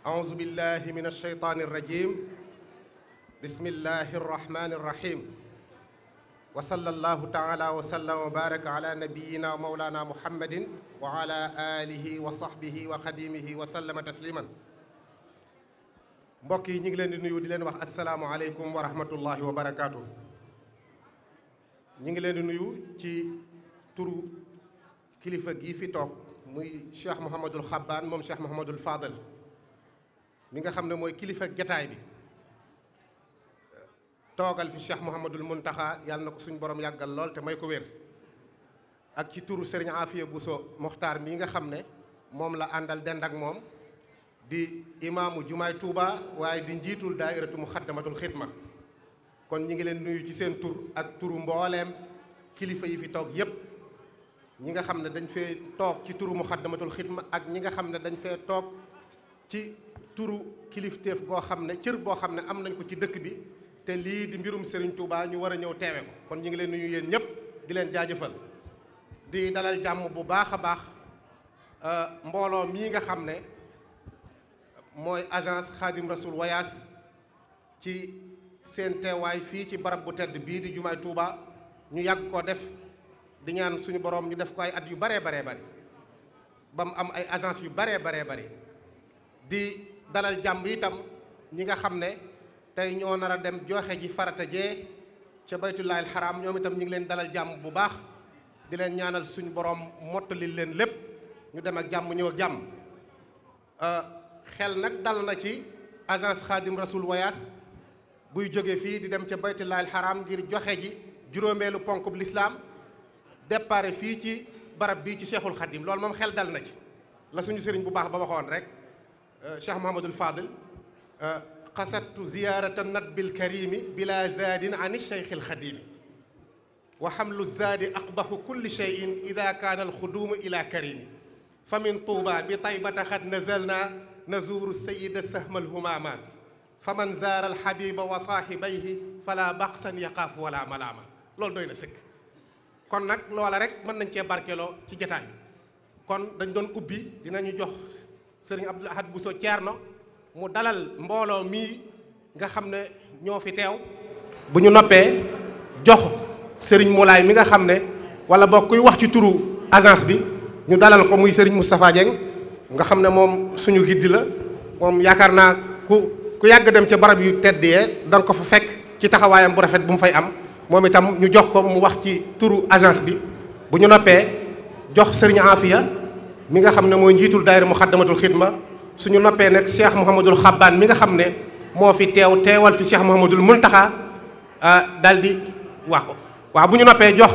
أعوذ بالله من الشيطان الرجيم بسم الله الرحمن الرحيم وصلى الله تعالى وسلم وبارك على نبينا ومولانا محمد وعلى آله وصحبه وخديمه وسلم تسليما mbokk yi ñu ngi leen di nuyu di leen wax asalaamualeykum wa rahmatullahi wa barakaatu ñu ngi leen di nuyu ci turu kilifa gii fi toog muy Cheikh Mouhamadul Xabbaan moom Cheikh Mouhamadul Fadal mi nga xam ne mooy kilifa jataay bi toogal fi Cheikh Mouhamadul Muntaxa yàlla na ko suñ borom yàggal lool te may ko wér ak ci turu Serigne bu Bousso Mokhtar mii nga xam ne moom la àndal dend ak moom di imaamu jumaay tuuba waaye di njiitul daairatu muxaddamatul xidma kon ñi ngi leen nuyu ci seen tur ak turu mbooleem kilifa yi fi toog yépp ñi nga xam ne dañ fee toog ci turu muxaddamatul xidma ak ñi nga xam ne dañ fee toog ci turu kilifteef goo xam ne cër boo xam ne am nañ ko ci dëkk bi te lii di mbirum Serigne Touba ñu war a ñëw teewe ko kon ñu ngi leen nuyu yéen ñëpp di leen jaajëfal di dalal jàmm bu baax a baax euh, mbooloo mii nga xam ne mooy agence Khadim Rasoul Voyage ci seen teewaay fii ci barab bu tedd bii di jumaay Touba ñu yàgg koo def di ñaan suñu borom ñu def ko ay at yu baree baree bari ba mu am ay agence yu baree baree bari di dalal jàmm itam ñi nga xam ne tey ñoo nar a dem joxe ji farata jee ca baytullaahil xaraam ñoom itam ñu ngi leen dalal jàmm bu baax di leen ñaanal suñu borom mottali leen lépp ñu dem ak jàmm ñëw ak jàmm euh, xel nag dal na ci agence Khadim Rasoul Voyage buy jóge fii di dem ca baytullaahil xaraam ngir joxe ji juróomeelu ponk bu lislaam départ fii ci barab bii ci Cheikhul Khadim loolu moom xel dal na ci la suñu sëriñ bu baax ba waxoon rek Euh, Cheikh Mouhamadul Fadil euh, qasadtu ziyaarata natbil karimi bila zaadin an Cheikh al Xadimi wa xamlu zaadi aqbahu kulli cheyin ida kaana alxuduumu ila karimi fa min tuuba bi taybata xad nazalna nazuuru sayida sahma alhumaama fa man zaara alxabiba wa saaxibayhi fala baqsan yaqaafu wala malaama loolu doy na sëkk kon nag loola rek mën nañ cee barkeloo ci jataay kon dañ doon ubbi dinañu jox sëriñ Abdul Ahad Bousso Thierno mu dalal mbooloo mii nga xam ne ñoo fi teew bu ñu noppee jox sëriñ Moulay mi nga xam ne wala boo kuy wax ci turu agence bi ñu dalal ko muy sëriñ Moustapha Dieng nga xam ne moom suñu giddi la moom yaakaar naa ku ku yàgg dem ci barab yu tedd yee danga ko fa fekk ci taxawaayam bu rafet bu mu fay am moom itam ñu jox ko mu wax ci turu agence bi bu ñu noppee jox sëriñ Afia mi nga xam ne mooy njiitul daayira muxaddamatul xidma suñu noppee nag cheikh mouhamadul xabbaan mi nga xam ne moo fi teew teewal fi cheikh mouhamadul muntaxa ah, daal di wax ko bu ñu noppee jox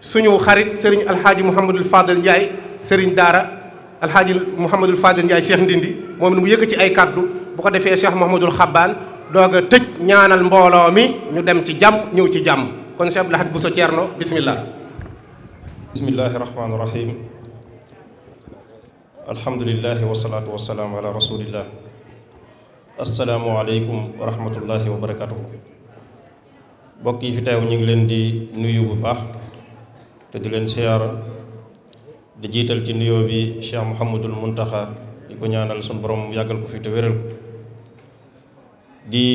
suñu xarit sëriñ alhaaji mouhamadul fadal njaay sëriñ daara alhaaji mouhamadul fadal ndiaye cheikh ndindi moom ni mu yëkk ci ay kàddu bu ko defee cheikh mouhamadul xabbaan doog a tëj ñaanal mbooloo mi ñu dem ci jàmm ñëw ci jàmm kon cheikh abdul ahad bu so ceerno bismillah alhamdulilah wasalaatu wasalaam ala rasulillah asalaamualeykum wa rahmatullahi wa barakatuhu mbokk yi fi teew ñu ngi leen di nuyu bu baax te di leen siyaara di jiital ci nuyoo bi Cheikh Mouhamadul Muntaxa di ko ñaanal sun borom yàggal ko fi te wéral ko di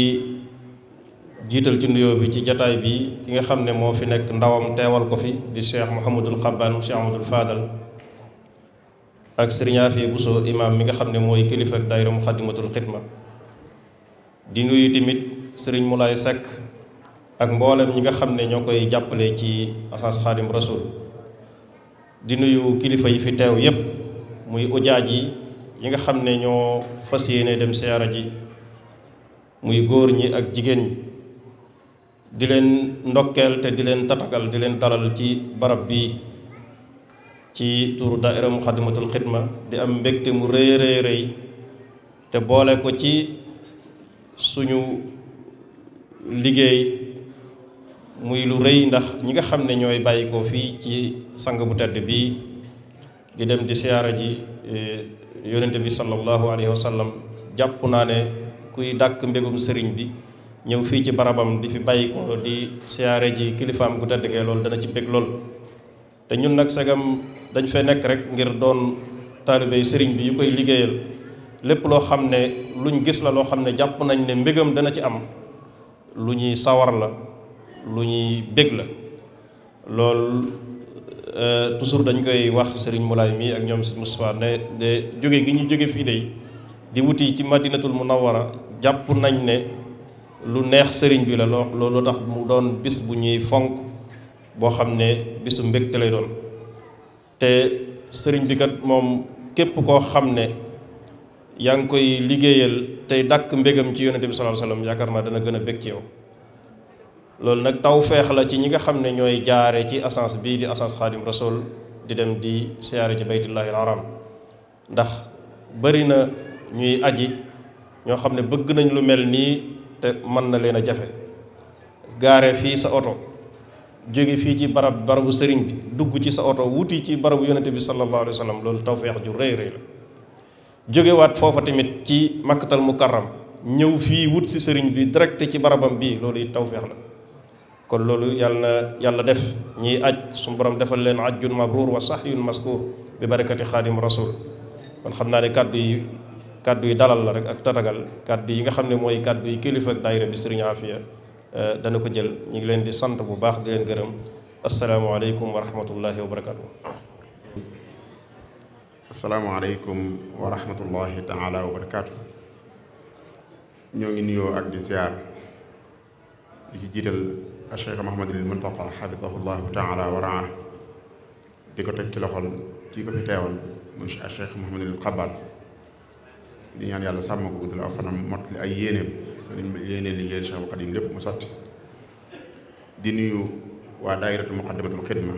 jiital ci nuyoo bi ci jataay bi ki nga xam ne moo fi nekk ndawam teewal ko fi di Cheikh Mouhamadul Xabbaan Cheikh Amadul ak sëriñaa Afia Bousso imaam mi nga xam ne mooy kilifa ak daayira Muxaddamatul Xidma di nuyu tamit sëriñ Moulay Seck ak mboolem ñi nga xam ne ñoo koy jàppale ci asaas xaadim rasul di nuyu kilifa yi fi teew yépp muy ujaaj yi yi nga xam ne ñoo fas yéene dem siyaara ji muy góor ñi ak jigéen ñi di leen ndokkeel te di leen tatagal di leen dalal ci barab bii ci turu daaira muxaddamatul xidma di am mbégte mu rëy rëy rëy te boole ko ci suñu liggéey muy lu rëy ndax ñi nga xam ne ñooy bàyyi fii ci sang bu tedd bi di dem di siyaara ji e, yonente bi sallallahu alayhi wa sallam jàpp naa ne kuy dàkk mbégum sëriñ bi ñëw fii ci barabam di fi bàyyi di siyaare ji kilifaam gu tedd kee loolu dana ci bég lool te ñun nag segam dañ fay nekk rek ngir doon taalibe sëriñ bi yu koy liggéeyal lépp loo xam ne luñ gis la loo xam ne jàpp nañ ne mbégam dana ci am lu ñuy sawar la lu ñuy bég la loolu euh, toujours dañ koy wax sëriñ Mulaay mii ak ñoom si Moustapha ne de jóge gi ñu jóge fii de di wuti ci madinatul munawwara jàpp nañ ne lu neex sëriñ bi la loo loolu tax mu doon bis bu ñuy fonk boo xam ne bisu mbégte lay doon te sëriñ bi kat moom képp koo xam ne yaa ngi koy liggéeyal tey dàkk mbégam ci yonente bi sallallahu alayhi wasallam yaakaar naa dana gën a bég ci yow loolu nag taw feex la ci ñi nga xam ne ñooy jaare ci assence bii di assance xaadim rasul di dem di siyaare ci baytullahi al ndax bari na ñuy aji ñoo xam ne bëgg nañ lu mel nii te mën na leen a jafe gaare fii sa oto jóge fii ci barab barabu sëriñ bi dugg ci sa oto wuti ci barabu yonente bi sallallahu alayhi wa sallam loolu tawfeex ju rëy rëy la jógewaat foofa tamit ci makkatal mukarram ñëw fii wut si sëriñ bi direct ci barabam bi loolu it tawfeex la kon loolu yàlla na yàlla def ñiy aj suñu borom defal leen ajjun mabruur wa sahyun maskuur bi barakati xaadim rasul kon xam naa ne kàddu yi kàddu yi dalal la rek ak tatagal kàddu yi nga xam ne mooy kàddu yi kilifa ak daayira bi sëriñ Euh, dana ko jël ñu ngi leen di sant bu baax di leen gërëm asalaamualeykum wa rahmatullahi wa barakaatu. asalaamualeykum wa rahmatullahi taala wa barakaatu. ñoo ngi nuyoo ak di ziar di ci jiital Cheikh Mouhamadul Muntaqa xafidahullahu taala wa raa di ko teg ci loxol ci ko fi teewal muy Cheikh Mouhamadul Xabaan di ñaan yàlla sàmm ko guddal aw fanam mot li ay yéeneem. liñ yéene liggéeyal Cheikhul Khadim lépp mu sotti di nuyu waa daayiratu muqaddamatul ma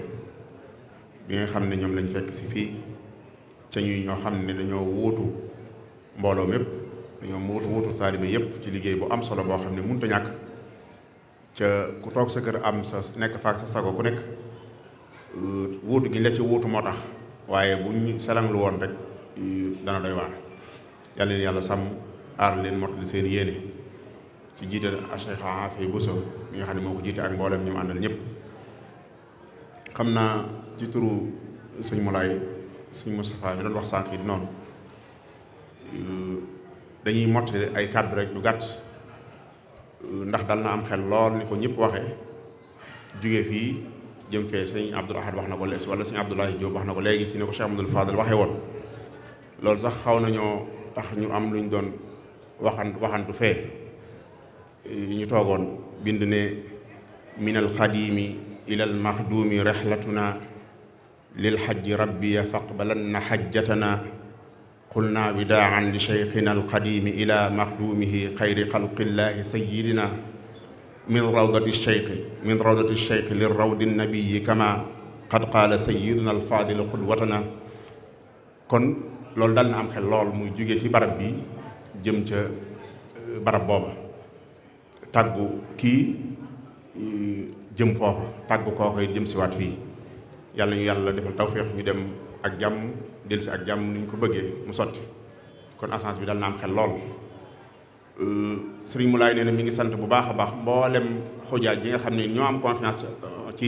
bi nga xam ne ñoom lañ fekk si fii ca ñuy ñoo xam ne dañoo wuutu mbooloo mépp dañoo wuutu wuutu taalibe yépp ci liggéey bu am solo boo xam ne mun mënta ñàkk ca ku toog sa kër am sa nekk faak sa sago ku nekk euh, wuutu gi ñu la ci wuutu moo tax waaye bu ñu selang lu woon rek euh, dana doy waar yàlla leen yàlla sàmm aar leen mottali seen yéene ci jiital Cheikh Afi Bousso mi nga xam ne moo ko jiite ak mboolem ñu àndal ñëpp xam naa ci turu sëñ Moulay sëñ Moustapha mi doon wax sànq yi noonu euh, dañuy mottali ay kàddu rek yu gàtt euh, ndax dal na am xel lool ni ko ñëpp waxe jóge fii jëm fee sëñ Abdoul Ahad wax na ko lees wala sëñ Abdoulahi Diop wax na ko léegi ci ne ko Cheikh Amadou Fadal waxee woon loolu sax xaw na nañoo tax ñu am luñ doon waxan waxantu fee ñu toogoon bind ne min alxadimi ila almaxduumi rexlatuna lil xajji rabbiya faqbalanna xajjatana qulna bidaan li cheikhina alqadimi ila maxdumihi xayri xalqillahi sayidina min rawdati cheikh min rawdati cheikh li rawdi nabiyi kama qad qaala sayiduna alfadil qudwatana kon loolu dal na am xel lool mu jóge ci barab bi jëm ca euh, barab booba tàggu kii e, jëm foofu tàggu kooku it jëm siwaat fii yàlla ñu yàlla defal tawféex ñu dem ak jàmm delsi ak jàmm ni ñu ko bëggee mu sotti kon assance bi dal na am xel lool e, sëriñ Moulay nee na mi ngi sant bu baax a baax mboolem xujaaj yi nga xam ne ñoo am confiance e, ci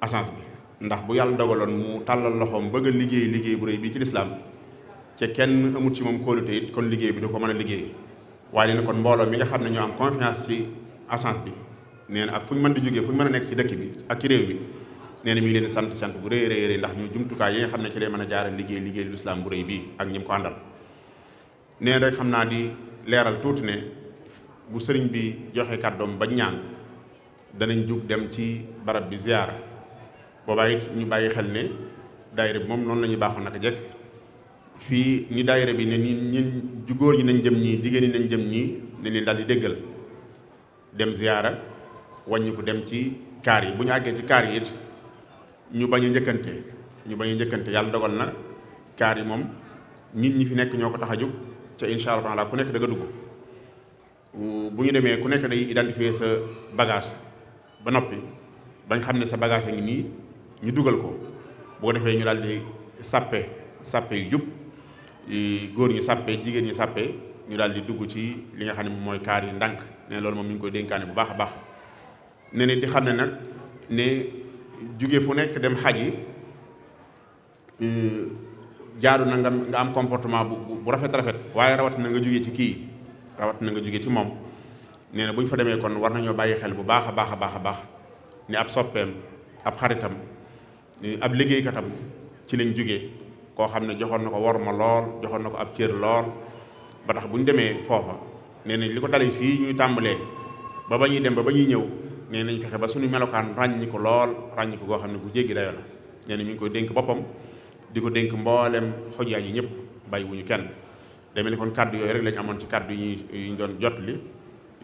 assance bi ndax bu yàlla dogaloon mu tàllal loxoom bëgg a liggéey liggéey bu rëy bii ci lislaam ci kenn amut ci moom kóolute it kon liggéey bi du ko mën a liggéey waaye nee kon mbooloo mi nga xam ne ñoo am confiance ci agence bi nee na ak fu ñu mën di jógee fu ñu mën a nekk ci dëkk bi ak ci réew mi nee na mi leen sant sant bu rëy rëy rëy ndax ñu jumtukaay yi nga xam ne ci lay mën a jaaral liggéey liggéey lislaam bu rëy bii ak ñi ko àndal nee rek xam naa di leeral tuuti ne bu sëriñ bi joxe kàddoom ba ñaan danañ jug dem ci barab bi ziyaara boobaa it ñu bàyyi xel ne daayira bi moom noonu la ñuy baaxoon naka jekk fii ñu daayira bi ne ñun ñun góor ñi nañ jëm nii jigéen ñi nañ jëm nii ne leen daal di déggal dem ziyaara wàññi ku dem ci kaar yi bu ñu àggee ci kaar yi it ñu bañ a njëkkante ñu bañ a yàlla dogal na kaar yi moom nit ñi fi nekk ñoo ko tax a jóg ca incha allah taala ku nekk da nga dugg bu ñu demee ku nekk day identifier sa bagage ba noppi bañ xam ne sa bagage a ngi nii ñu dugal ko boo defee ñu daal di sàppe sàppe yu jub. góor ñu sàppee jigéen ñu sàppee ñu daal di dugg ci li nga xam ne mooy kaar yi ndànk ne loolu moom ñu ngi koy dénkaane bu baax a baax ne ne di xam ne nag ne jóge fu nekk dem xaj yi euh, jaaru na nga am comportement bu bu rafet rafet waaye rawat na nga jóge ci kii rawat na nga jóge ci moom nee na bu ñu fa demee kon war nañoo bàyyi xel bu baax a baax a baax a baax ni ab soppeem ab xaritam ab liggéeykatam ci lañ jóge koo xam ne joxoon na ko war lool joxoon na ko ab cër lool ba tax bu ñu demee foofa nee nañ li ko dalee fii ñuy tàmbalee ba ba ñuy dem ba ba ñuy ñëw nee nañ fexe ba suñu melokaan ràññi ko lool ràññi ko goo xam ne ku jéggi dayoo la nee na mi dénk boppam di ko dénk mboolem xojaa yi ñëpp bàyyi wuñu kenn demee ni kon kàddu yooyu rek lañ amoon ci kàddu yi ñu doon jot li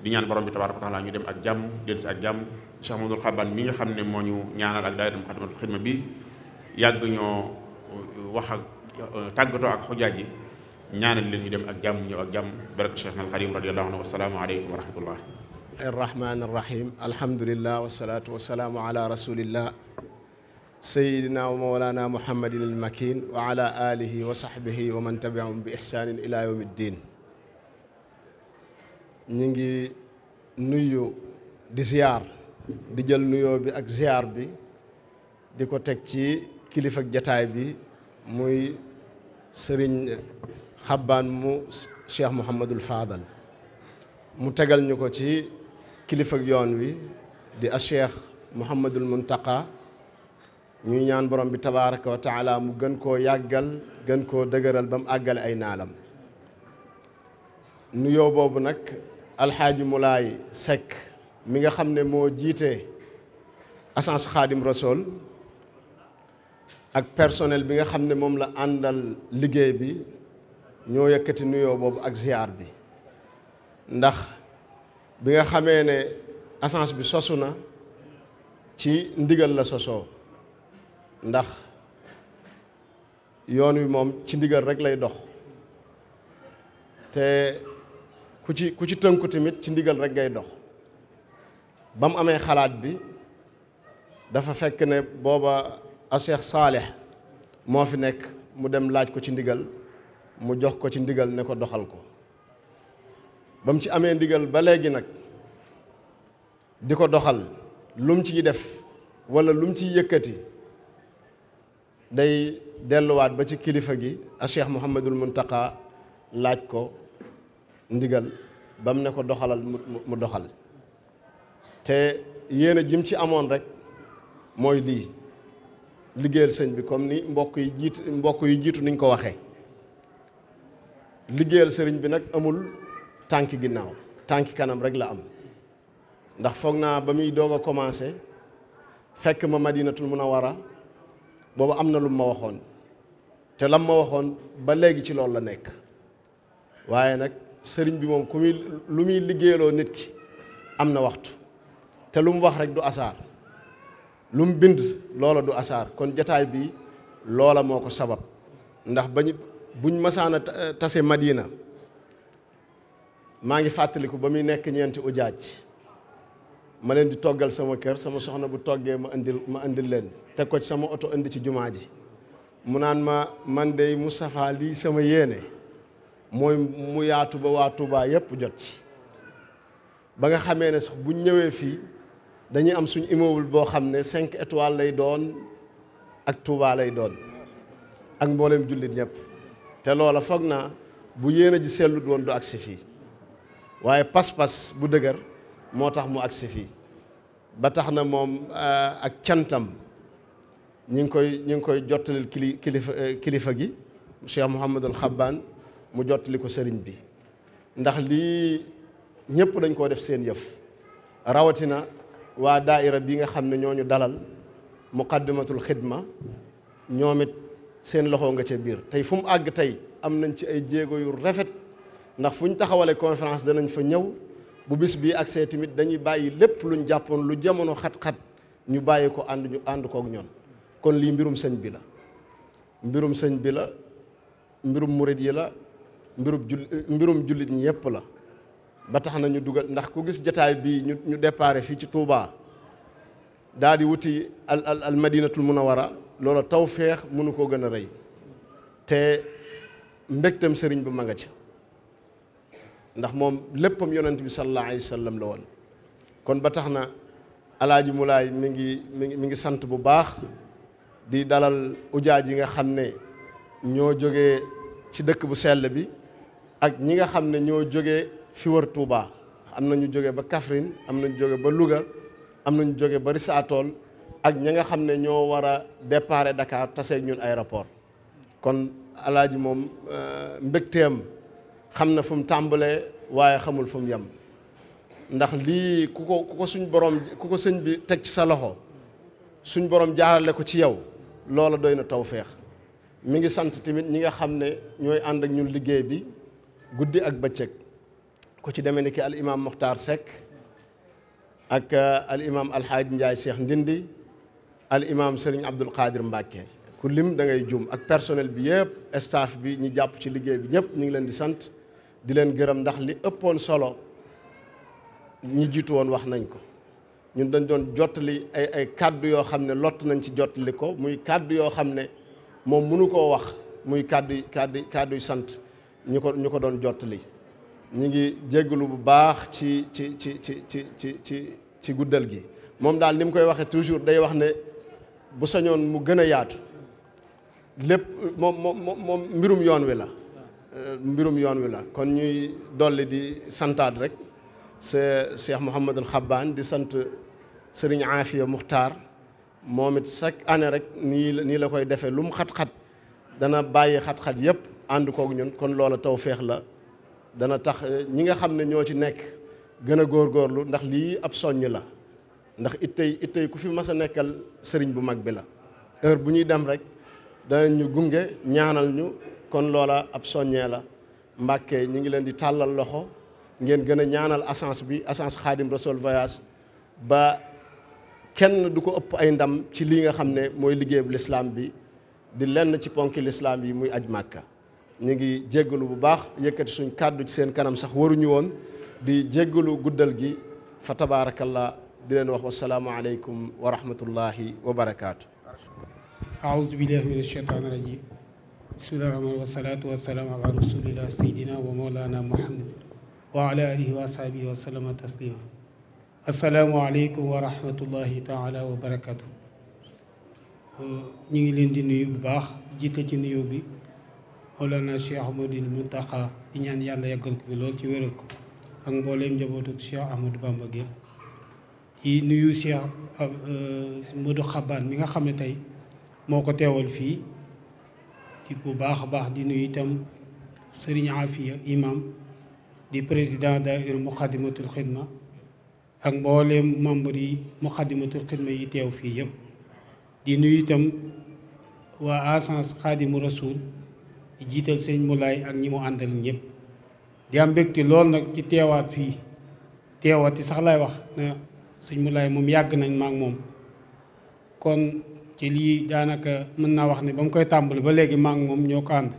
di ñaan borom bi tabaaraka wa taala ñu dem ak jàmm dellusi ak jàmm Cheikh Mamadou Xaban mi nga xam ne moo ñu ñaanal ak daayira Muxaddamatul Xidma bi yàgg ñoo wax ak tàggatoo ak xujaaj yi ñaanal leen ñu dem ak jàmm ñëw ak jàmm barak Cheikh al Xadim radiyallahu anhu wasalaamu aleykum wa rahmatullah arrahman arrahim alhamdulillah wasalatu wasalaamu ala rasulillah sayidina wa mawlana muhammadin almakin wa ala alihi wa sahbihi wa man tabiahum bi ihsanin ila yawmi ddin ñi ngi nuyu di ziyaar di jël nuyoo bi ak ziyaar bi di ko teg ci kilifa jataay bi muy sëriñ xabbaan mu cheikh mouhamadul fadal mu tegal ñu ko ci kilifa yoon wi di a cheikh mouhamadul muntaqa ñuy ñaan borom bi tabaraka wa mu gën koo yàggal gën koo dëgëral ba mu àggale ay naalam nuyoo boobu nag alxaaji mulaay sekk mi nga xam ne moo jiite agence xaadim rasool ak personnel bi nga xam ne moom la àndal liggéey bi ñoo yëkkati nuyoo boobu ak ziar bi ndax bi nga xamee ne agence bi sosu na ci ndigal la sosoo ndax yoon wi moom ci ndigal rek lay dox te ku ci ku ci tënku tamit ci ndigal rek ngay dox ba mu amee xalaat bi dafa fekk ne booba a Cheikh moo fi nekk mu dem laaj ko ci ndigal mu jox ko ci ndigal ne ko doxal ko ba mu ci amee ndigal ba léegi nag di ko doxal lu mu ciy def walla lu mu ciy yëkkati day delluwaat ba ci kilifa gi a Cheikh mun Muntaqa laaj ko ndigal ba mu ne ko doxalal mu doxal te yéene jim ci amoon rek mooy lii liggéeyal sëñ bi comme ni mbokk yi jiit mbokk yi jiitu niñ ko waxee liggéeyal sëriñ bi nag amul tànki ginnaaw tànki kanam rek la am ndax foog naa ba muy doog a commencé fekk ma madinatul munawara boobu am na lu ma waxoon te lam ma waxoon ba léegi ci loolu la nekk waaye nag sëriñ bi moom ku muy lu muy liggéeyaloo nit ki am na waxtu te lu mu wax rek du asaar lu mu bind loola du asaar kon jataay bi loola moo ko sabab ndax bañ buñ masaana eh, tase Madina maa ngi fàttaliku ba muy nekk ñeenti ujaaj ma leen di toggal sama kër sama soxna bu toggee ma indil ma indil leen teg ko ci sama oto indi ci jumaa ji mu naan ma man dey Moustapha lii sama yéene mooy mu yaatu ba waa Touba yépp jot ci ba nga xamee ne sax buñ ñëwee fii dañuy am suñu immeuble boo xam ne cinq étoiles lay doon ak Touba doon ak mboolem jullit ñëpp te loola foog naa bu yéen ji sellut doon du agsi fii waaye pas-pas bu dëgër moo tax mu agsi fii ba tax na moom eh, ak cantam ñi ngi koy ñi ngi koy jottalil kili kilifa eh, kilifa gi Cheikh Mouhamadul Xabbaan mu jottali ko sëriñ bi ndax lii ñëpp dañ koo def seen yëf rawatina. waa daaira bi nga xam ne ñoo ñu dalal muqaddimatul xidma ñoom it seen loxoo nga ca biir tey fu mu àgg tey am nañ ci ay jéego yu rafet ndax fu ñu taxawalee conférence danañ fa ñëw bu bis bii ak see tamit dañuy bàyyi lépp lu luñ jàppoon lu jamono xat-xat ñu bàyyi ko ànd ñu ànd kook ñoom kon lii mbirum sëñ bi la mbirum sëñ bi la mbirum murit yi la mbirum jul mbirum jullit ñi yépp la ba tax na ñu dugal ndax ku gis jataay bii ñu ñu déparé fii ci Touba daal di wuti al al al madinatul munawara loola taw feex mënu koo gën a rëy te mbégtam sëriñ bu ma nga ndax moom léppam yonent bi sallallahu alayhi wa sallam la woon kon ba tax na alaaji mulaay mi ngi mi ngi mi ngi sant bu baax di dalal ujaaj yi nga xam ne ñoo jóge ci dëkk bu sell bi ak ñi nga xam ne ñoo jóge fi wër Touba am na ñu jóge ba Kaffrine am na ñu jóge ba Louga am na ñu jóge ba Rissaatool ak ñi nga xam ne ñoo war a départ Dakar taseeg ñun aéroport kon alaaji moom euh, mbégteem xam na fu mu waaye xamul fu mu yem ndax lii ku ko ku ko suñ borom ku ko sëñ bi teg ci sa loxo suñ borom jaarale ko ci yow loola doy na tawféex mu ngi sant tamit ñi nga xam ne ñooy ànd ak ñun liggéey bi guddi ak bëccëg. ku ci demee ni ki al imam Muxtaar Seck ak uh, al imam alxaaj Ndiaye Cheikh Ndindi al imam Serigne Abdul Qadir Mbacke ku lim da ngay juum ak personnel bi yëpp staff bi ñu jàpp ci liggéey bi ñëpp ñu ngi leen di sant di leen gërëm ndax li ëppoon solo ñi jiitu woon wax nañ ko ñun dañ doon jottali ay ay kàddu yoo xam ne lott nañ ci jottali ko muy kàddu yoo xam ne moom mënu koo wax muy kàddu kàddu kàdduy sant ñu ko ñu ko doon jottali ñi ngi jégalu bu baax ci ci ci ci ci ci ci ci guddal gi moom daal ni mu koy waxee toujours day wax ne bu sañoon mu gën a yaatu lépp moom moom mbirum yoon wi la euh, mbirum yoon wi la kon ñuy dolli di santaat rek c'est Cheikh Mouhamadul Xabbaan di sant Serigne Afia Muxtaar moom it chaque année rek nii la nii la koy defee lu mu xat-xat dana bàyyi xat-xat yëpp ànd koog ñun kon loola tawféex la dana tax eh, ñi nga xam ne ñoo ci nekk gën a góor góorlu ndax lii ab soññ la ndax it tey it tey ku fi mas a nekkal sëriñ bu mag bi la heure bu ñuy dem rek danañ ñu gunge ñaanal ñu kon loola ab soññee la Mbàkke ñi ngi leen di tàllal loxo ngeen gën a ñaanal Agence bi Agence Khadim Rassoul Voyage ba kenn du ko ëpp ay ndam ci lii nga xam ne mooy liggéeyu lislaam bi di lenn ci ponki lislaam yi muy aj Màkka ñu ngi jéggalu bu baax yëkkati suñ kàddu ci seen kanam sax waruñu woon di jéggalu guddal gi fa tabaarakallah di leen wax wasalaamu aleykum wa rahmatullahi wa barakaatu. aouzu billahi wa mawlana muhammad wa ala barakaatu. ñu ngi leen di nuyu bu baax jiite ci nuyoo bi. Mawlana Cheikh Ahmadul Muntaqa di ñaan yàlla yàggal ko bi lool ci wéral ko ak mbooleem njabootu Cheikh Ahmadou Bamba gépp yi nuyu Cheikh euh, Modou xaban mi nga xam ne tey moo ko teewal fii ci bu baax a baax di nuyu itam Serigne Afia imam di président daayira Muxaddamatul Xidma ak mbooleem membre yi Muxaddamatul Xidma yi teew fii yëpp di nuyu itam waa agence Xaadimu Rasuul di jiital sëñ Moulay ak ñi mu àndal ñëpp di am mbégte lool nag ci teewaat fii teewaati sax lay wax na sëñ Moulay moom yàgg nañ maak moom kon ci lii daanaka mën naa wax ne ba mu koy tàmbali ba léegi maak moom ñoo ko ànd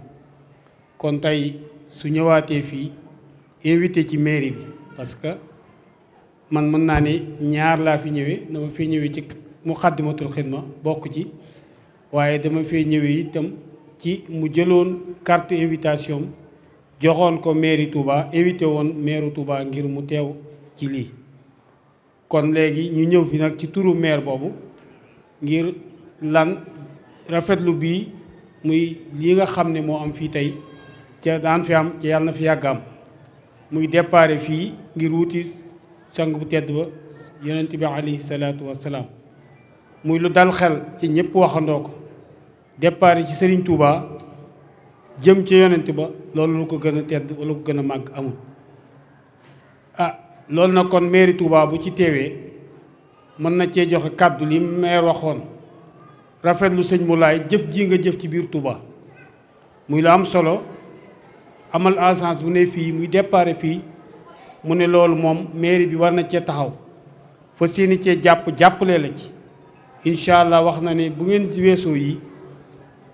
kon tey su ñëwaatee fii invité ci mairie bi parce que man mën naa ne ñaar laa fi ñëwee dama fi ñëwee ci muqaddimatul xidma bokk ci waaye dama fee ñëwee itam ci mu jëloon carte invitation joxoon ko mairie Touba invité woon maire Touba ngir mu teew ci lii kon léegi ñu ñëw fi nag ci turu maire boobu ngir lan rafetlu bii muy li nga xam ne moo am fii tey ca daan fi am ca yàlla na fi yàgg am muy déparé fii ngir wuti sang bu tedd ba yonent bi alayhi salaatu wassalaam muy lu dal xel ci ñëpp waxandoo ko départ ci sëriñ Touba jëm ci yonent ba loolu lu ko gën a tedd walla ko gën a màgg amul ah loolu nag kon mairie Touba bu ci teewee mën na cee joxe kàddu li maire waxoon rafet rafetlu sëñ Moulay jëf ji nga jëf ci biir Touba muy la am solo amal agence bu ne fii muy départ fii mu ne loolu moom mairie bi war na cee taxaw fa seeni cee jàpp jàppale la ci incha allah wax na ne bu ngeen weesoo yi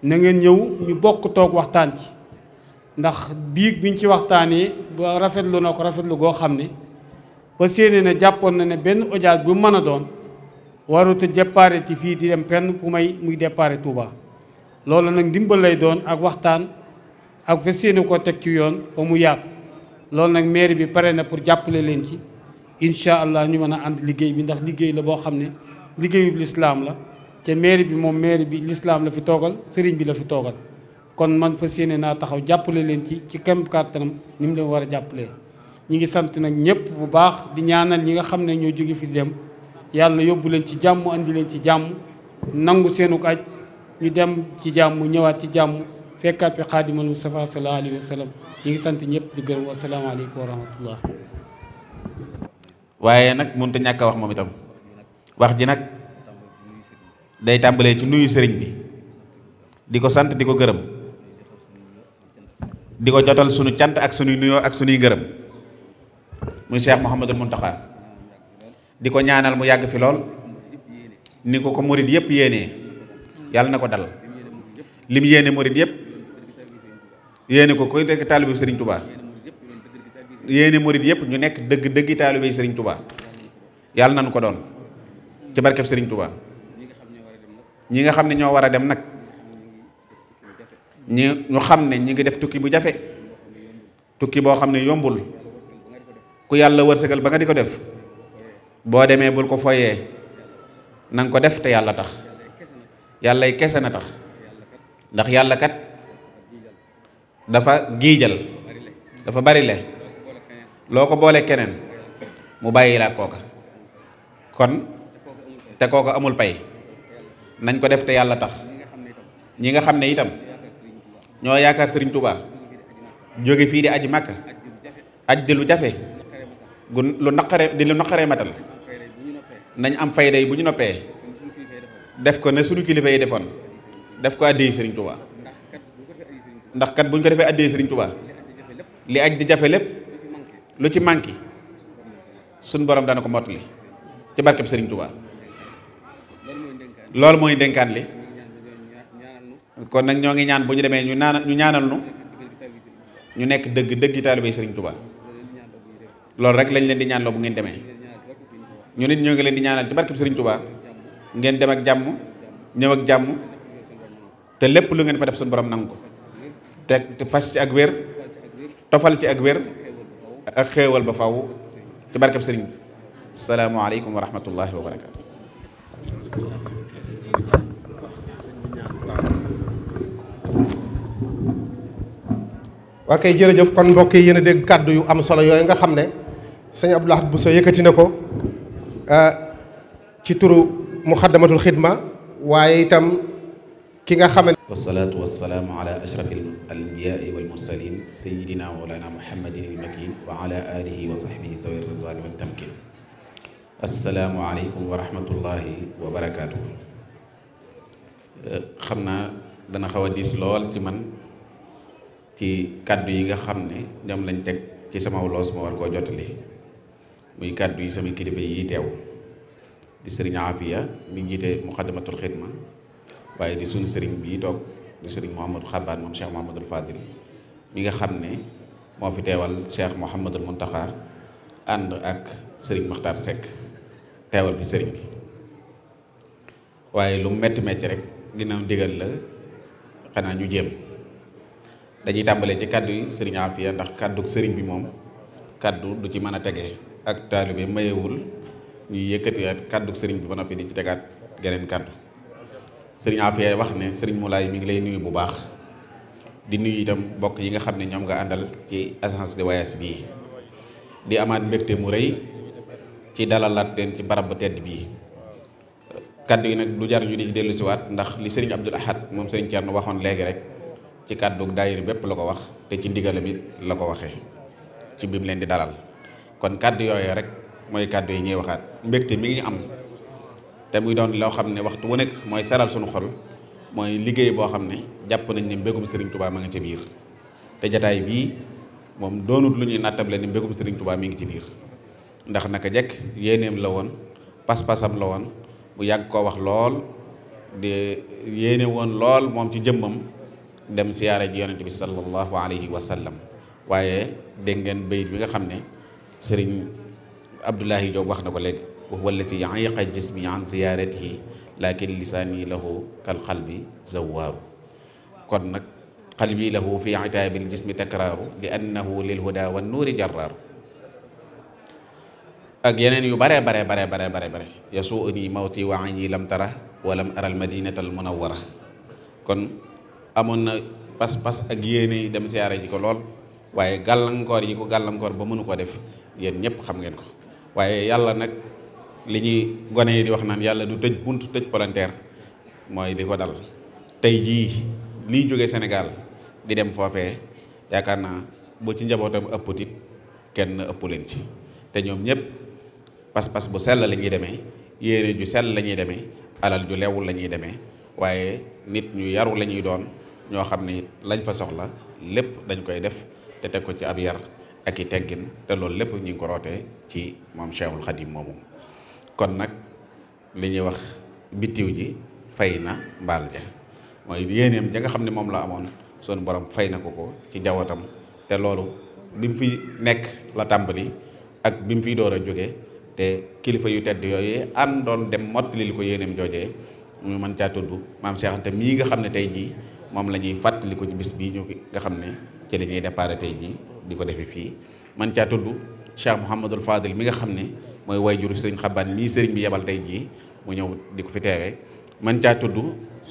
na ngeen ñëw ñu bokk toog waxtaan ci ndax biig biñ ci waxtaanee ba rafetlu na ko rafetlu goo xam ne ba séenée ne jàppoon na ne benn audience bu mën a doon warut a ci fii di dem fenn fu may muy déparé Touba loolu nag ndimbal lay doon ak waxtaan ak fa séene koo teg ci yoon ba mu yaatu loolu nag mairie bi pare na pour jàppale leen ci incha allah ñu mën a ànd liggéey bi ndax liggéey la boo xam ne liggéeyu lislaam la ca mairie bi moom mairie bi lislaam la fi toogal sëriñ bi la fi toogal kon man fa yéene naa taxaw jàppale leen ci ci kem kàttanam ni mu leen war a jàppale ñi ngi sant nag ñëpp bu baax di ñaanal ñi nga xam ne ñoo jóge fi dem yàlla yóbbu leen ci jàmm andi leen ci jàmm nangu seenuk aj ñu dem ci jàmm ñëwaat ci jàmm fekkaat fi xaadimal Mustafa sallallahu alayhi wa ñi ngi sant ñëpp di gërëm wasalaamaaleykum wa rahmatullah waaye nag mënut a ñàkk wax moom itam day tàmbalee ci nuyu sëriñ bi di ko sant di ko gërëm di ko jotal sunu cant ak sunuy nuyoo ak sunuy gërëm muy Cheikh Mouhamadul Mountakha di ko ñaanal mu yàgg fi lool ni ko ko murit yëpp yéene yàlla na ko dal lim yéene murit yëpp yéene ko koy nekk taalibe sëriñ Touba yéene murit yëpp ñu nekk dëgg dëggi taalibe sëriñ Touba yàlla nañu ko doon ci barkeb sëriñ tubaa ñi nga xam ne ñoo war a dem nag ñi ñu xam ne ñu ngi def tukki bu jafe tukki boo xam ne yombul ku yàlla wërsëgal ba nga di ko def boo demee bul ko foyee na ko def te yàlla tax yàllay kese na tax ndax yàlla kat dafa giijal dafa bari le loo ko boole keneen mu bàyyi laa kooka kon te kooka amul pay nañ ko def te yàlla tax ñi nga xam ne itam ñoo yaakaar sëriñ Touba jóge fii di aji màkka aj di lu jafe gu lu naqare di lu naqaree matal nañ am fayda yi bu ñu noppee def ko ne suñu kilifa yi defoon def ko addiyi sëriñ Touba ndax kat bu ñu ko defee addiyi sëriñ Touba li aj di jafe lépp lu ci manqué suñ borom dana ko mottali ci barkeb sëriñ tubaa loolu mooy dénkaan li kon nag ñoo ngi ñaan bu ñu demee ñu naan ñu ñaanal nu ñu nekk dëgg dëgg taalibe Sëriñ Tuubaa loolu rek lañ leen di ñaan loo bu ngeen demee ñu nit ñoo ngi leen di ñaanal ci barkeb Sëriñ Tuubaa ngeen dem ak jàmm ñëw ak jàmm te lépp lu ngeen fa def suñu borom nangu ko te fas ci ak wér tofal ci ak wér ak xéewal ba faw ci barkeb Sëriñ bi salaamaaleykum wa rahmatullahi wa waa kay jërëjëf kon mbokk yi yéen a kàddu yu am solo yooyu nga xam ne sëñ Abdou Lahad Bousso yëkkati na ko euh, ci turu muxaddamatul xidma waaye itam ki nga xamante wasalaatu wasalaamu ala ashraf alanbiyaai walmursalin sayidina mawlana muhammadin almakin wa ala alihi wa sahbihi zawi ridwani waltamkin assalaamu aleykum wa rahmatullahi wa barakatuh xam naa dana xaw a diis lool ci man ci kàddu yi nga xam ne ñoom lañ teg ci sama loos ma war koo jotali muy kàddu yi sama kilifa yi teew di sëriñ Afia mi jiite muqaddamatul xidma waaye di sunu sëriñ bii toog di sëriñ Mouhamadou Xabaan moom Cheikh Mouhamadul Fadil mi nga xam ne moo fi teewal Cheikh Mouhamadul Muntaxa ànd ak sëriñ Makhtar Seck teewal fi sëriñ bi waaye lu metti metti rek ginnaaw ndigal la xanaa ñu jéem dañuy tàmbalee ci kàddu yi sëriñ Afia ndax kàddu sëriñ bi moom kàddu du ci mën a tege ak taalibe mayewul ñuy yëkkatiwaat kàddu sëriñ bi ba noppi di ci tegaat geneen kàddu sëriñ Afia wax ne sëriñ Moulay mi ngi lay nuyu bu baax di nuyu itam mbokk yi nga xam ne ñoom nga àndal ci agence de voyage bii di amaat mbégte mu rëy ci dalalaat leen ci barab bu tedd bii. kaddu yi nag du jar ñu di dellu siwaat ndax li sëriñ Abdul Ahad moom sëriñ Thierno waxoon léegi rek ci kaddu daayir bépp la ko wax te ci ndigalam it la ko waxee ci bi leen di dalal kon kaddu yooyu rek mooy kaddu yi ñuy waxaat mbégte mi ngi am te muy doon loo xam ne waxtu wu nekk mooy seral suñu xol mooy liggéey boo xam ne jàpp nañ ne mbégum sëriñ Touba ma nga ci biir te jataay bii moom doonut lu ñuy nattable ne mbégum sëriñ Touba mi ngi ci biir ndax naka jekk yéeneem la woon pas-pasam la woon mu yàgg koo wax lool di yéene woon lool moom ci jëmmam dem siyaare ji yonente bi sallallahu alayhi wa sallam waaye dégg ngeen bayit bi nga xam ne sëriñ Abdullahi Joob wax na ko léegi wa huwa allati ayqa jismi an ziyaaratihi lakin lisaani lahu kal qalbi zawaaru kon nag qalbi lahu fi itaabil jismi takraaru li annahu lil huda wan nuuri jarraaru ak yeneen yu baree bare bare bare bare bare yasuuni mawti waa añi lam tara wa lam aral madinata al munawwara kon amoon na pas-pas ak yéene dem siyaare ji ko lool waaye gàllankoor yi ko gàllankoor ba mënu ko def yéen ñëpp xam ngeen ko waaye yàlla nag li ñuy gone yi di wax naan yàlla du tëj bunt tëj palanteer mooy di ko dal tey jii lii jóge Sénégal di dem foofee yaakaar naa boo ci njabootam ëpp tit kenn ëpp leen ci te ñoom ñëpp pas-pas bu sell la ñuy demee yéene ju sell lañuy demee alal ju lewul la ñuy demee waaye nit ñu yaru la ñuy doon ñoo xam ni lañ fa soxla lépp dañ koy def te teg ko ci ab yar ak i teggin te loolu lépp ñu ngi ko rootee ci moom Cheikhul Khadim moomu kon nag li ñuy wax bitiw ji fay na mbaal ja mooy ja nga xam ne moom la amoon sunu borom fay na ko ko ci jawatam te loolu bi mu fi nekk la tàmbali ak bi mu fiy door a jóge te kilifa yu tedd yooyu àndoon dem li ko yéeneem joojee mu mën caa tudd maam Cheikh Anta mii nga xam ne tey jii moom la ñuy fàttali ko ci bis bii ñu nga xam ne ci la ñuy déparé tey jii di ko defee fii man caa tudd Cheikh Mouhamadul Fadil mi nga xam ne mooy wayjuru sëriñ Xabaan mii sëriñ bi yebal tey jii mu ñëw di ko fi teewee man caa tudd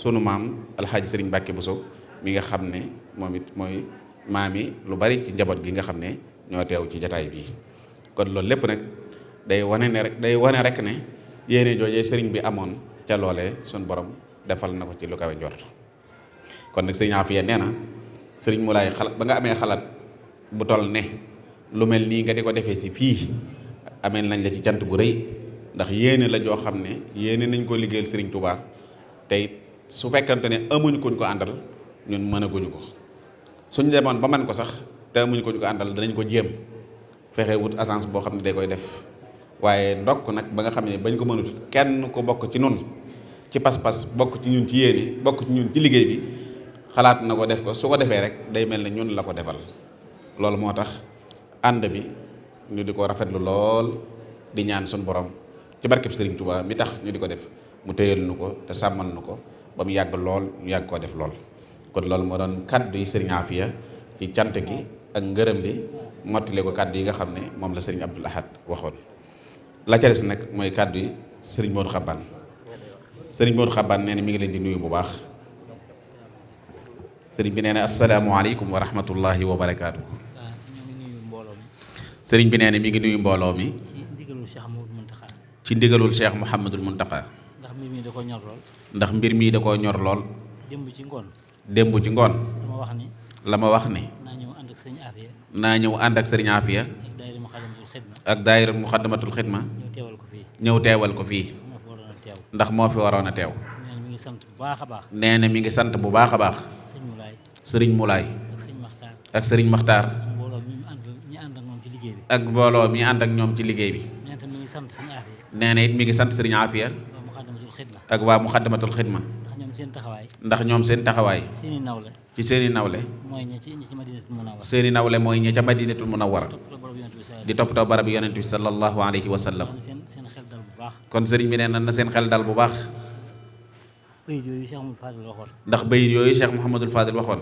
sunu maam alxaaji sëriñ Mbàkke Buso mi nga xam ne moom it mooy maam yi lu bari ci njaboot gi nga xam ne ñoo teew ci jataay bii kon loolu lépp nag day wane ne rek day wane rek ne yéene joojee sëriñ bi amoon ca loole suñ borom defal na ko ci lu kawe njort kon nag sëriñ Afia nee na sëriñ mu laay ba nga amee xalaat bu toll ne lu mel nii nga ko defee si fii amee nañ la ci cant gu rëy ndax yéene la joo xam ne yéene nañ ko liggéeyal sëriñ Touba tey su fekkante ne amuñ kuñ ko àndal ñun mënaguñu ko suñ demoon ba man ko sax te amuñ kuñ ko àndal danañ ko jéem fexe wut agence boo xam ne day koy def waaye ndokk nag ba nga xam ne bañ ko mënut kenn ko bokk ci nun ci pas-pas bokk ci ñun ci yéene bokk ci ñun ci liggéey bi xalaat na ko def ko su ko defee rek day mel ne ñun la ko defal loolu moo tax ànd bi ñu di ko rafetlu lool di ñaan suñu borom ci barkeb Sëriñ Tuubaa mi tax ñu di ko def mu téyal nu ko te sàmmal nu ko ba mu yàgg lool ñu yàgg koo def lool kon loolu moo doon kàddu yi Sëriñ Afiya ci cant gi ak ngërëm bi mottali ko kàddu yi nga xam ne moom la Sëriñ Abdul Ahad waxoon la ca nag mooy kàddu yi sëriñ Modou Xaban sëriñ Modou Xaban nee mu ngi leen di nuyu bu baax sëriñ bi nee na asalaamualeykum wa rahmatullahi wa barakaatu. sëriñ bi nee na mi ngi nuyu mbooloo mi. ci ndigalul Cheikh Mouhamadul Mountakha. ndax mbir mii da koo ñor lool. ndax mbir mii da ko ñor lool. démb ci ngoon. démb ci ngoon. la ma wax ni. wax ni. naa ñëw ànd ak sëriñ Afia. ak daayira muxaddamatul xidma ñëw teewal ko fii ndax moo fi waroon a teew nee na mi ngi sant bu baax a baax sëriñ Mulaay ak sëriñ Maxtaar ak mbooloo mi ànd ak ñoom ci liggéey bi nee na it mi ngi sant sëriñ Aafiya ak waa muxaddamatul xidma ñoom seen taxawaay. ndax ñoom seen taxawaay. seeni nawle. ci seeni nawle. mooy ña ci madinatul munawwara. seeni nawle mooy ña ca madinatul munawwara. di toppatoo barab yonent bi sallallahu alayhi wa sallam. kon sëriñ bi nee na na seen xel dal bu baax. ndax bayit yooyu Cheikh Mouhamadul Fadil waxoon.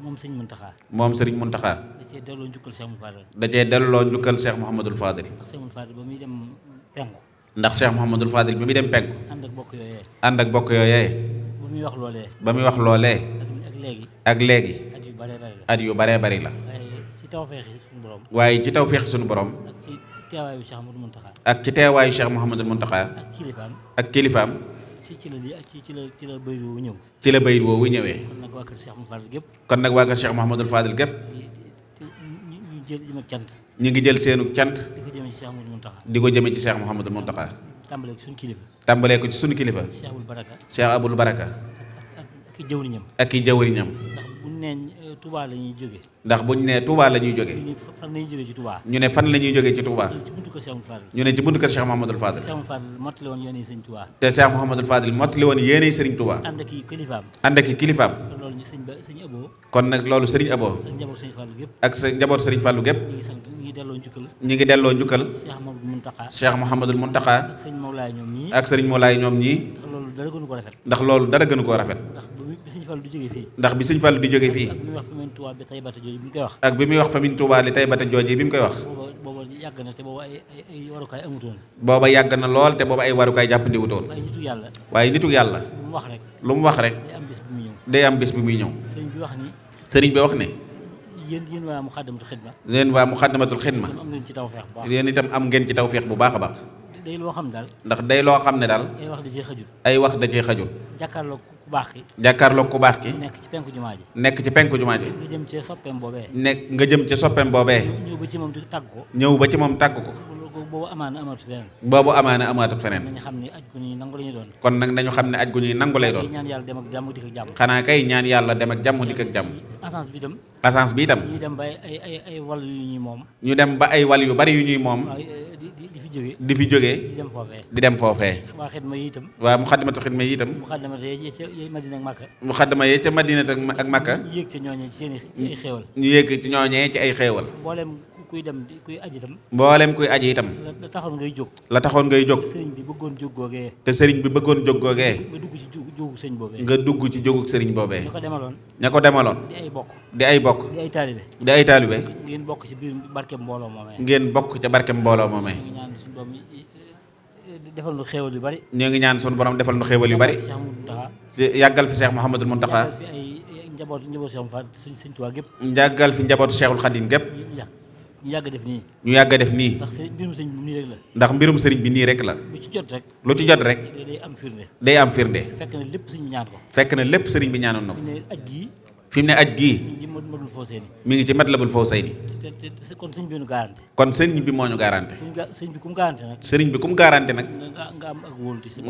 moom sëriñ Muntaxa. moom sëriñ Muntaxa. da cee delloo njukkal Cheikh Mouhamadul Fadil. da cee delloo njukkal Cheikh Mouhamadul Fadil. ndax Cheikh Mouhamadul Fadil bi muy dem penku. ànd ak bokk yooyee. ànd ak bokk yooyee. ba muy wax loolee. ba muy wax loolee. ak léegi. ak léegi. at yu baree bari la at yu baree bari la. waaye ci tawféexi sunu borom. waaye ci tawféexi sunu borom. ak ci teewaayu Cheikh Mouhamadou Mountakha. ak ci teewaayu ak kilifaam. ci ci la ci la ci la bayit woowu ñëw. ci la bayit woowu ñëwee. kon nag waa kër Cheikh Mouhamadou Fadel gépp. kon nag waa kër Cheikh Mouhamadou Fadel gépp. ñu ngi jël seenu cant. di ko jëmee ci Cheikh Mouhamadou Mountakha. di ko jëmee ci Cheikh Mouhamadou Mountakha. tàmbalee ko ci sunu kilifa. tàmbalee ko ci sunu kilifa. Cheikh Abul Baraka. Cheikh Abul Baraka. ak i i jëwriñam. bu ñu ndax bu ñu nee euh, Touba la jóge ñu ne fan la ñuy jóge ci Touba ñu ne ci buntu kër Cheikh Mouhamadul Fadil mottali woon yéenay Sëriñ Touba te Cheikh Mouhamadul Fadil mottali woon yéenay Sëriñ Touba ànd i kilifaam ànd kon nag loolu Sëriñ Abo ak sa njaboot Sëriñ Fallou gépp ñi ngi delloo njukkal Cheikh Mouhamadul Mountakha ak Sëriñ Mawlaay ñoom ñii ndax loolu dara gënu koo rafet Fallou di jóge fii ndax bi sëñ Fallou di jóge fii ak bi muy wax famine Touba li Taybata jooje bi mu koy wax booba yàgg na te booba ay warukaay amutoon booba yàgg na lool te booba ay warukaay jàpp ndiwutoon waaye nitu yàlla lu mu wax rek day am bés bi muy ñëw sëriñ bi wax ne yéen yéen waa Muxaddamatul Xidma yéen waa Muxaddamatul Xidma yéen itam am ngeen ci tawféex bu baax a baax day loo xam daal ndax day loo xam ne daal ay wax da cee xajul ay wax da cee xajul ku baax ki. jàkkaarloog ku baax ki. nekk ci penku jumaa ji. nekk ci penku jumaa ji. nga jëm ci soppeem boobee. nekk nga jëm ci soppeem boobee. ñëw ba ci moom tàgg ko. ñëw ba ci moom tàgg ko. boobu amaana amaatu feneen. kon nag nañu xam ne aj gu ñuy nangu lay doon. xanaa kay ñaan yàlla dem ak jàmm dikk ak jàmm. essence bi itam. essence bi itam. ñu dem ba ay wal yu ñuy moom. ñu dem ba ay wal yu bari yu ñuy moom. di fi jógee di dem foofee waa xidma yi itam waa muxaddamatul xidma yi itam muxaddamata yee ca madina ak màkka muxaddama yee ca madina ak màkka ñu yéeg ci ñooñee ci seen ay xéewal ñu kuy dem kuy aji itam mboolem kuy aji itam la taxoon ngay jóg la taxoon ngay jóg sëriñ bi bëggoon jóg googee te sëriñ bi bëggoon jóg googee nga dugg ci jógu sëriñ boobee nga dugg ci jógu sëriñ boobee ña ko demaloon ña ko demaloon di ay bokk di ay bokk di ay taalibe di ay taalibe ngeen bokk ci biir barke mbooloo moomee ngeen bokk ca barke mbooloo defal nu xéewal yu bari ñoo ngi ñaan sunu borom defal nu xéewal yu bari yàggal fi Cheikh Mouhamadul Mountakha njabootu njabootu Cheikh Fall sëñ Tuubaa gépp yàggal fi njabootu Cheikhul Khadim gépp ñu yàgg def nii ñu yàgg def nii ndax mbirum sëriñ bi nii rek la ndax mbirum sëriñ bi nii rek la lu ci jot rek lu ci jot rek day am firnde day am firnde fekk na lépp sëriñ bi ñaan ko fekk na lépp fi mu ne aj gii mi ngi ci Matlabul Fawzayni kon sëñ bi ñu kon sëriñ bi moo ñu garanti sëriñ bi kum garanti nag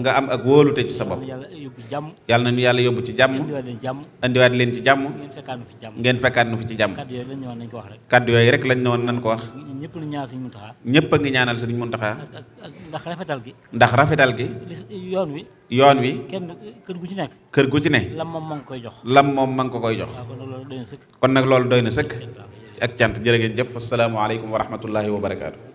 nga am ak wóolute ci nga yàlla na ñu yàlla yóbbu ci jàmm andiwaat leen ci jàmm ngeen fekkaat nu fi ci jàmm kàddu yooyu rek lañ ne woon nañ ko wax ñëpp ñu ñaan sëriñ Muntaxa ñëpp a ndax rafetal gi ndax rafetal gi yoon wi. kenn kër gu ci nekk. kër gu ci ne. lam moom ma ngi koy jox. lam moom ma ngi ko koy jox. kon nag loolu doy na sëkk. ak cant jërë ngeen jëf asalaamaaleykum wa rahmatullahi wa barakaatu.